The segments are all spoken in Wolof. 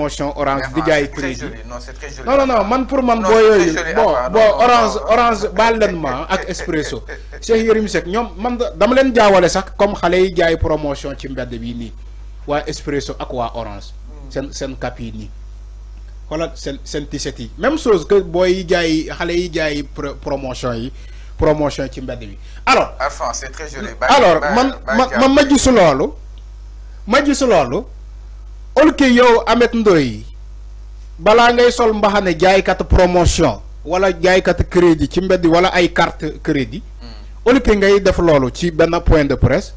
promotion orange di jaay crédit non non non man pour man boy yooyu bon ah, bon orange orange baal leen ma ak Expresso Cheikh Yérim sek ñom man dama len jawale sax comme xalé yi jaay promotion ci mbedd bi ni wa Expresso ak wa orange hmm. sen sen cap yi nii sen sen seen t-shirt yi même chose que boy yi jaay xalé yi jaay promotion yi promotion ci mbedd bi alors. c'est très joli. alors man ma ma gisu lolu ma gisu loolu. olke yow amet ndoy bala ngay sol jaay kat promotion wala kat crédit ci mbedd wala ay carte crédit mm. olke ngay def lolu ci ben point de presse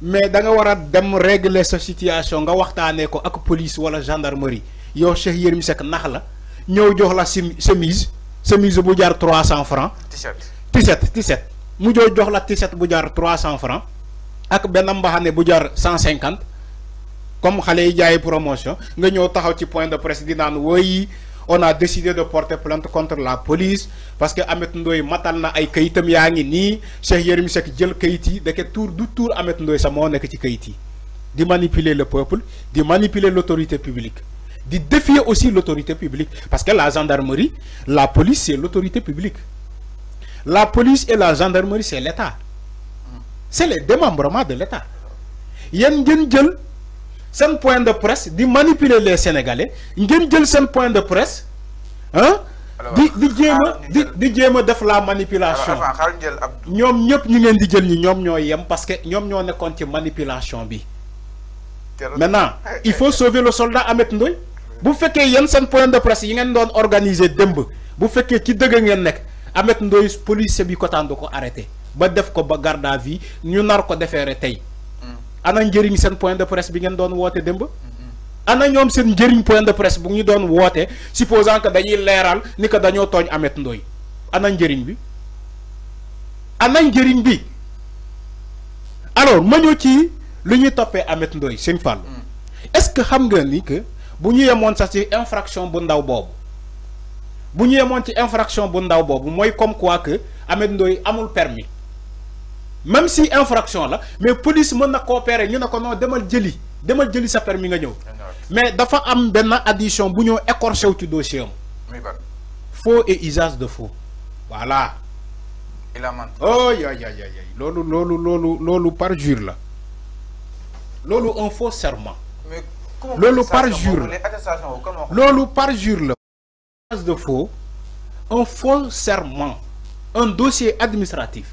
mais da nga wara dem régler sa situation nga waxtane ko ak police wala gendarmerie yo cheikh yermi sek nax la ñëw jox la chemise chemise bu jaar 300 francs t-shirt t-shirt t-shirt mu jox la t-shirt bu jaar 300 francs ak ben mbahane bu jaar 150 comme xale yi promotion nga ñëw taxaw ci point de presse di naan on a décidé de porter plainte contre la police parce que Ahmed Ndoye matal na ay kayitam yaangi ni Cheikh Yérim Seck jël kayit deke tour du tour Ahmed Ndoye sa mo nek ci kayit di manipuler le peuple di manipuler l'autorité publique di défier aussi l'autorité publique parce que la gendarmerie la police c'est l'autorité publique la police et la gendarmerie c'est l'État c'est le démembrement de l'État yeen ngeen jël seen point de presse di manipuler les sénégalais ngeen jël seen point de presse hein di di djema di djema def la manipulation ñom ñep ñu ngeen di jël ñi ñom ñoy yam parce que ñom ñoo nekkon ci manipulation bi. maintenant eh, eh, il faut eh. sauver le soldat Ahmed Ndoy bu féké yeen seen point de presse yi ngeen doon organiser demb bu féké ci deug ngeen nek Ahmed Ndoy police bi ko du ko arrêté ba def ko ba garde à vie ñu nar ko defeere tay ana njëriñ sen point de presse bi ngeen doon woote démb ana ñoom seen point de presse bu don wote supposant que dañuy Léral ni que dañoo togn Ameth ndoy ana njëriñ bi ana njëriñ bi alors ma ñëw ci lu topé toppee Ameth Ndoye mm. est-ce que xam nga ni que bu ñu yemoon sax ci infraction bu ndaw boobu bu ñu ci infraction bu ndaw boobu comme quoi que Ameth ndoy amul permis même si infraction là, mais police mën na coopérer ñu ne ko non demal jëli demal jëli sa permis nga ñëw mais dafa am benn addition bu ñoo écorché au ci dossier am faux et usage de faux voilà oh ya ya ya ya lolu lolu lolu parjure la lolu un faux serment lolu parjure la loolu parjure la usage de faux un faux serment un dossier administratif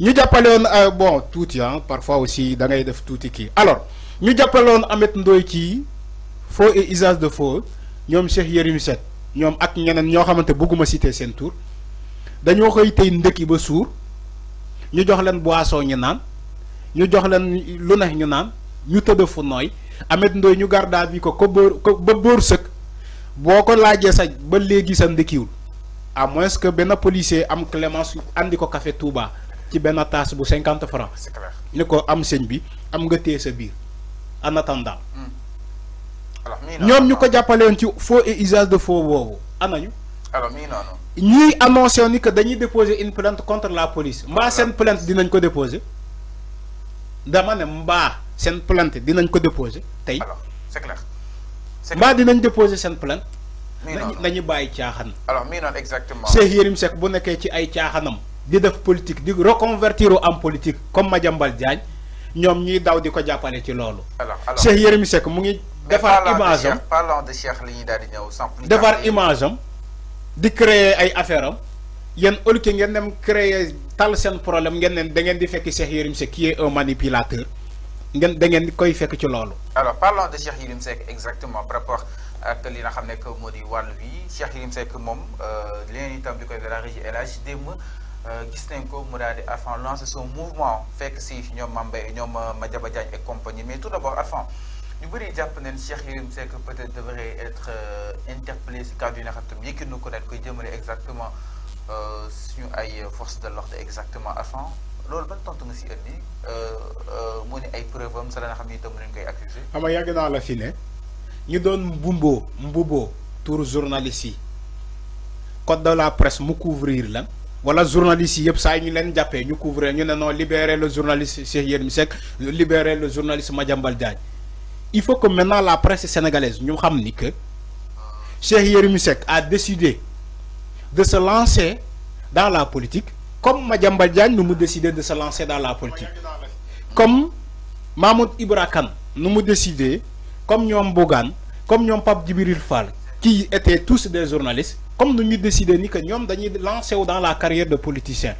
ñu jàppale woon euh, bon tuuti ah parfois aussi da ngay def tuuti kii alors ñu jàppale woon Ameth ci faux et usage de faux ñoom Cheikh Yérim set ñoom ak ñeneen ñoo xamante bëgguma citer seen tour dañoo koy tey ndëkki ba suur ñu jox leen boisson ñu naan ñu jox leen lu neex ñu naan ñu tëdd fu nooy Ameth ndoy ñu garde à vue ko ko ba bóor sëkk boo ko laajee sa ba léegi sa ndëkkiwul à moins que benn policier am clémence indi ko kafe tuubaa ci benn taas bu cinquante franc ni ko am sëñ bi am nga téye sa biir en attendant hmm. ñoom ñu ko jàppale jàppaleen ci faux et usage de faux boobu anañu ñuy annoncé ni que dañuy déposé une plainte contre la police mbaa seen plainte dinañ ko déposé dama ne mbaa seen plainte dinañ ko déposer tey mbaa dinañ déposer seen plainte nañu bàyyi caaxan alors mii noonu exactement Cheikh Yérim Seck bu nekkee ci ay caaxanam di def politique di reconvertir am politique comme Madiambal Diagne ñoom ñuy daw di ko jàppale ci loolu. Cheikh Yérim Seck mu ngi. defar image am parlant de Cheikh ñuy daal di ñëw sans plus di créer ay affaire am yéen au ngeen dem créer tal seen problème ngeen ne da ngeen di fekk Cheikh Yérim Seck qui est un manipulateur ngeen da ngeen koy fekk ci loolu. alors parlant de Cheikh Yérim Seck exactement par rapport ak li na xam ne moo di wàll wi Cheikh Yérim moom moom euh, leneen itam di koy de la régie El Hadj démb. Euh, gis nañ ko mu daal di lancer son mouvement fekk si ñoom Mambay ñoom euh, Madiaba Diagne et compagnie mais tout d'abord Arfan ñu bëri jàpp nañ Cheikh Yérim Seck peut-être devrait être euh, interpellé si cadre yi nga xam tam yëkkil na ko daal koy jëmale exactement suñu ay force de l'ordre exactement Arfan loolu ban tontu nga si indi mu ne ay preuve am sa la nga xam ni itam nañ koy accuser xam nga yàgg naa la fi ne ñu doon mbumboo mbuboo tour journaliste yi code de la presse mu couvrir lan voilà, journaliste yi say a ñu leen jappé ñu couvrir ñu libérer le journaliste Cheikh Yérim libérer le journaliste Madjambal Diagne il faut que maintenant la presse sénégalaise ñu xam ni que Cheikh Yérim a décidé de se lancer dans la politique comme Madjambal Diagne nous mu décidé de se lancer dans la politique comme Mahmoud Ibra nous nous mu décidé comme ñom Bogan, comme ñom Pape Djibril Fall qui étaient tous des journalistes, comme nous avons décidé que nous avons lancé dans la carrière de politicien.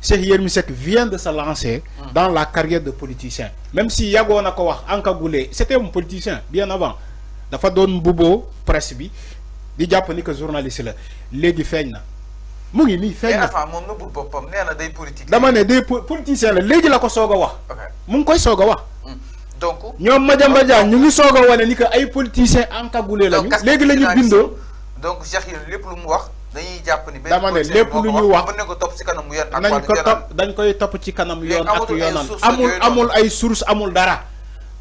Cheikh Yermisek vient de se lancer ah. dans la carrière de politicien. Même si Yago Nakawak, Anka Goulé, c'était un politicien bien avant. Il a donné Boubo, presse, di journalistes ni que journaliste la léegi feeñ na mu ngi a feeñ na moom na il boppam nee na day politique dama ne day Il de la ko soog a wax mu ngi koy soog a wax donc ñoom Madiambal Diagne ñu ngi soog a wane ni que ay politiciens encagoulés lañu. léegi la ñu bindoo donc Cheikh Yérim lépp lu mu wax. dañuy jàpp ni benn dama ne lépp lu ñu wax nañ ko topp ci kanam yoon nañ ko topp dañ koy topp ci kanam yoon ak yoonal amul amul ay source amul dara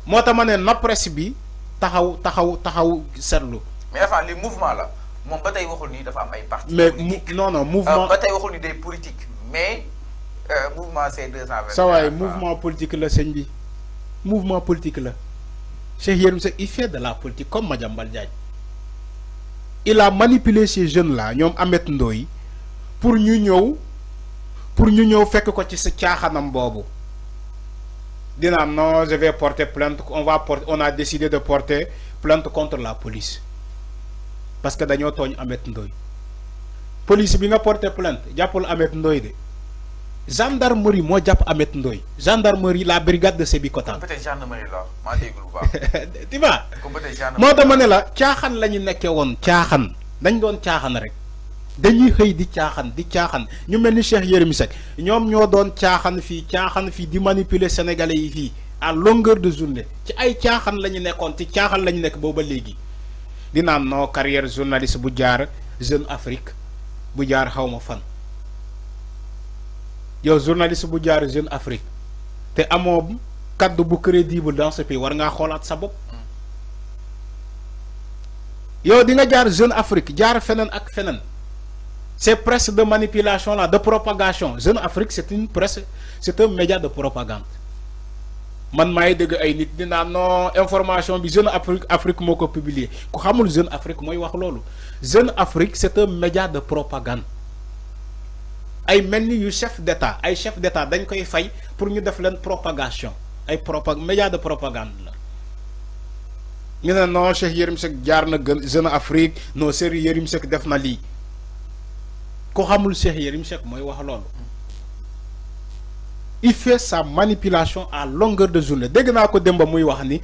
moo tax ma ne na bi taxaw taxaw taxaw seetlu. mais enfin li mouvement la moom ba tey waxul ni dafa am ay parti mais mouvement euh, ba ni day politique mais euh, mouvement c'est deux cent vingt. saa waay mouvement politique la sëñ bi. mouvement politique là. Cheikh Yérim il fait de la politique comme Madame Diagne il a manipulé ces jeunes là ñom Ameth Ndoye pour ñu ñew pour ñu ñew fekk ko ci sa dit, non je vais porter plainte on va porter on a décidé de porter plainte contre la police parce que dañoo togn Ameth Ndoye police bi nga porter plainte jàppul a Ndoye de gendarmerie moo jàpp Ameth Ndoye gendarmerie la brigade de bi ko être gendarmerie la maa déglu moo dama ne la caaxaan la ñu nekkee woon caaxan dañ doon caaxaan rek dañuy xëy di caaxaan di caaxan ñu mel ni Cheikh Yérim Seck ñoom ñoo doon caaxaan fii caaxaan fii di manipuler sénégalais yi fii à longueur de journée ci ay caaxaan la ñu nekkoon ci caaxaan la ñu nekk booba léegi di naan non carrière journaliste bu jaar Jeune Afrique bu jaar xaw ma fan. yow journaliste bu jaar Jeune Afrique té amoo kaddu bu crédible dans ce pays war nga xolat sa bopp yow di nga jaar Jeune Afrique jaar feneen ak feneen ces presse de manipulation là de propagation Jeune Afrique c'est une presse c'est un média de propagande man may deug ay nit dina non information bi Jeune Afrique Afrique moko publier ko xamul Jeune Afrique moy wax lolu Jeune Afrique c'est un média de propagande ay melni yu chef d'état ay chef d'état dañ koy fay pour ñu def leen propagation ay propag média de propagande la ñu ne non Cheikh Yérim sek jaar na gën Jeune Afrique non Cheikh Yérim sek def na lii ko xamul Cheikh Yérim sek moy wax lolu il fait sa manipulation à longueur de journée dégg naa ko démb muy wax ni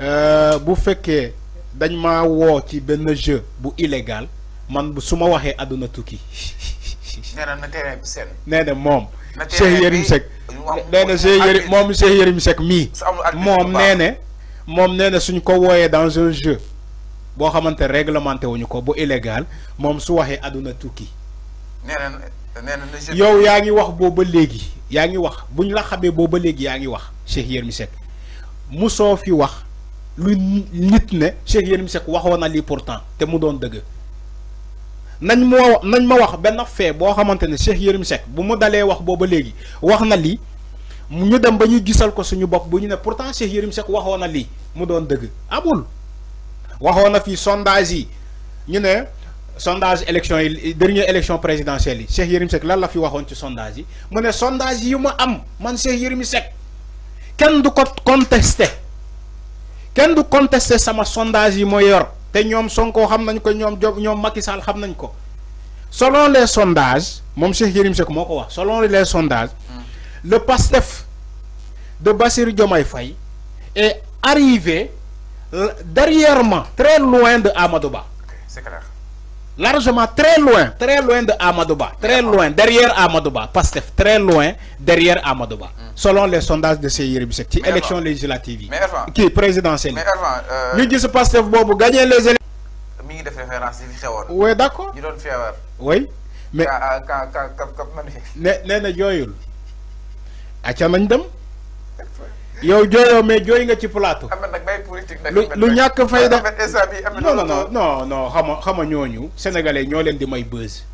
euh bu fekke dañ ma wo ci ben jeu bu illégal man bu suma waxé aduna tukki ci. na terrain bi seen. moom. na terrain bi Cheikh Yérim Seck. nee na Cheikh moom Cheikh mii. moom nee na moom nee na suñ ko wooyee dans un jeu. boo xamante réglementé wuñu ko bu illégal moom su waxee àdduna tukki. nee na nee yow yaa ngi wax booba léegi yaa ngi wax buñ la xamee booba léegi yaa ngi wax Cheikh Yérim mu soo fi wax lu nit ne Cheikh Yérim Seck waxoon na lii pourtant te mu doon dëgg. nañ moo nañ ma wax benn fee boo xamante ne Cheikh Yérim Seck bu mu dalee wax booba léegi wax na lii ñu dem ba ñuy gisal ko suñu bopp bu ñu ne pourtant Cheikh Yérim Seck waxoon na lii mu doon dëgg amul. waxoon na fii sondage yi ñu ne sondage élection yi dernière élection présidentielle yi Cheikh Yérim Seck lan la fi waxoon ci sondage yi mu ne sondage yi ma am man Cheikh Yérim Seck kenn du ko contesté kenn du contesté sama sondage yi ma yor. te ñoom Sonko xam nañ ko ñoom Diop ñoom Macky Sall xam nañ ko selon les sondages moom Cheikh Yérim Seck moo wax selon les sondages le PASTEF de Bassir Diomaye Faye est arrivé euh, derrière moi très loin de Amadou Ba. C'est clair largement très loin, très loin de Amadouba, très loin, derrière Amadouba, très loin, derrière Amadouba, selon les sondages de C.I.R.I.B.S.E.C. élection qui présidentielle. Mais avant, Lui dit ce gagner les élections. Oui, d'accord. Oui, mais. yow jooyoo mais jooy nga ci plateau. lu lu ñàkk fay da non non non non xama xama ñooñu sénégalais ñoo leen di may buzz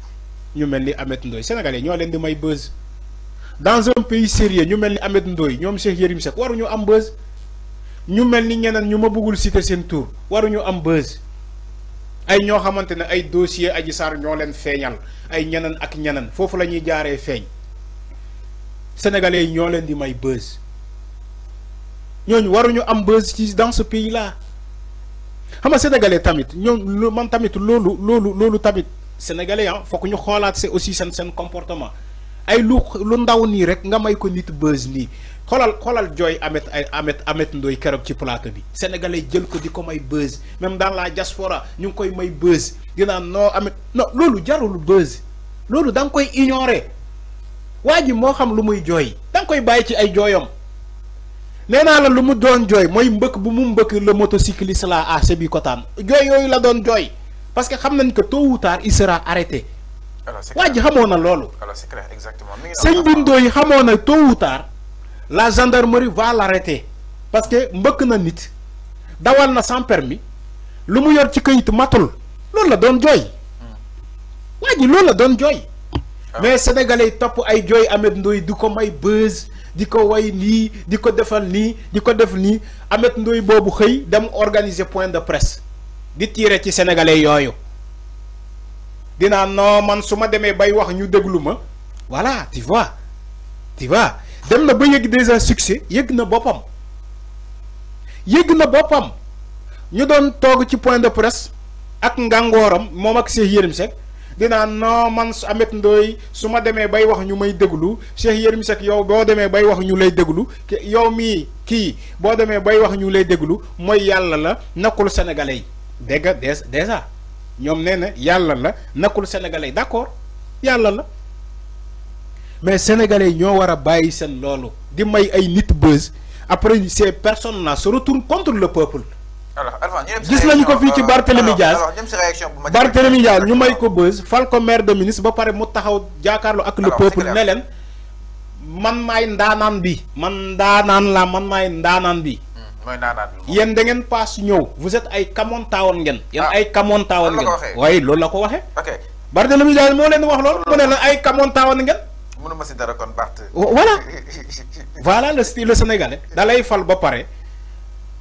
ñu mel ni Ameth Ndoye sénégalais ñoo leen di may buzz dans un pays sérieux ñu mel ni Ameth Ndoye ñoom Cheikh Yérim Seck waruñu am buzz ñu mel ni ñeneen ñu ma bëggul citer seen tur waruñu am buzz ay ñoo xamante ne ay dossier Adji Sarr ñoo leen feeñal ay ñeneen ak ñeneen foofu la ñuy jaaree feeñ sénégalais yi ñoo leen di may buzz ñooñu waruñu am buzz ci dans ce pays là xam nga tamit ñoom man tamit loolu loolu loolu tamit sénégalais ah fokk ñu xoolaat c'est aussi seen seen comportement ay lu lu ndaw nii rek nga may ko nit buzz nii xoolal xoolal jooy Ameth ay Ameth Ameth Ndoye keroog ci plateau bi sénégalais jël ko di ko may buzz même dans la diaspora ñu ngi koy may buzz dinaa non Ameth non loolu jarul buzz loolu da nga koy ignorer waa ji moo xam lu muy jooy da koy bàyyi ci ay jooyam. nee la lu mu doon joy moy mbëkk bu mu mbëkk le motocycliste la à Sébikotane joy yooyu la doon joy parce que xam nañ que tôt ou tard il sera arrêté. waa ji xamoon na loolu. sëñ bindoo yi xamona na tôt ou tard la gendarmerie va l'arrêter parce que mbëkk na nit dawal na sans permis lu mu yor ci këyit matul loolu la doon joy. Hmm. waa ji la doon joy. mais sénégalais yi topp ay jooy Ameth Ndoye di ko may buzz di ko way nii di ko defal nii di ko def nii Ameth Ndoye boobu xëy dem organiser point de presse di tiire ci sénégalais yooyu dinaa non man su ma demee bay wax ñu déglu ma voilà tu vois tu vois dem na ba yëg déjà succès yëg na boppam yëg na boppam ñu doon toog ci point de presse ak ngàngooram moom ak Cheikh Yérim dinaa non man Ameth Ndoye su ma demee bay wax ñu may déglu Cheikh Yérim Seck yow boo demee bay wax ñu lay déglu yow mii kii boo demee bay wax ñu lay déglu mooy yàlla la nakkul sénégalais yi dégg nga déjà ñoom nee na yàlla la nakkul sénégalais yi d'accord yàlla la mais sénégalais yi ñoo war a bàyyi seen loolu di may ay nit buzz après ces personnes là se retournent contre le peuple. gis nañu ko fi ci Barthélemy Dias Barthélemy Dias ñu may ko buzz fal ko maire de ministre ba paré mu taxaw jaakaarlu ak le peuple ne len man may ndanan bi man ndanan la man may ndanan bi hmm, yéen da ngeen pass ñew vous êtes ay tawon ngeen yéen ah, ay tawon ngeen way lool la ko ok Barthélemy Dias mo len wax lool mo ne la ay tawon ngeen ma ci dara kon Barthélemy voilà voilà le style sénégalais dalay fal ba paré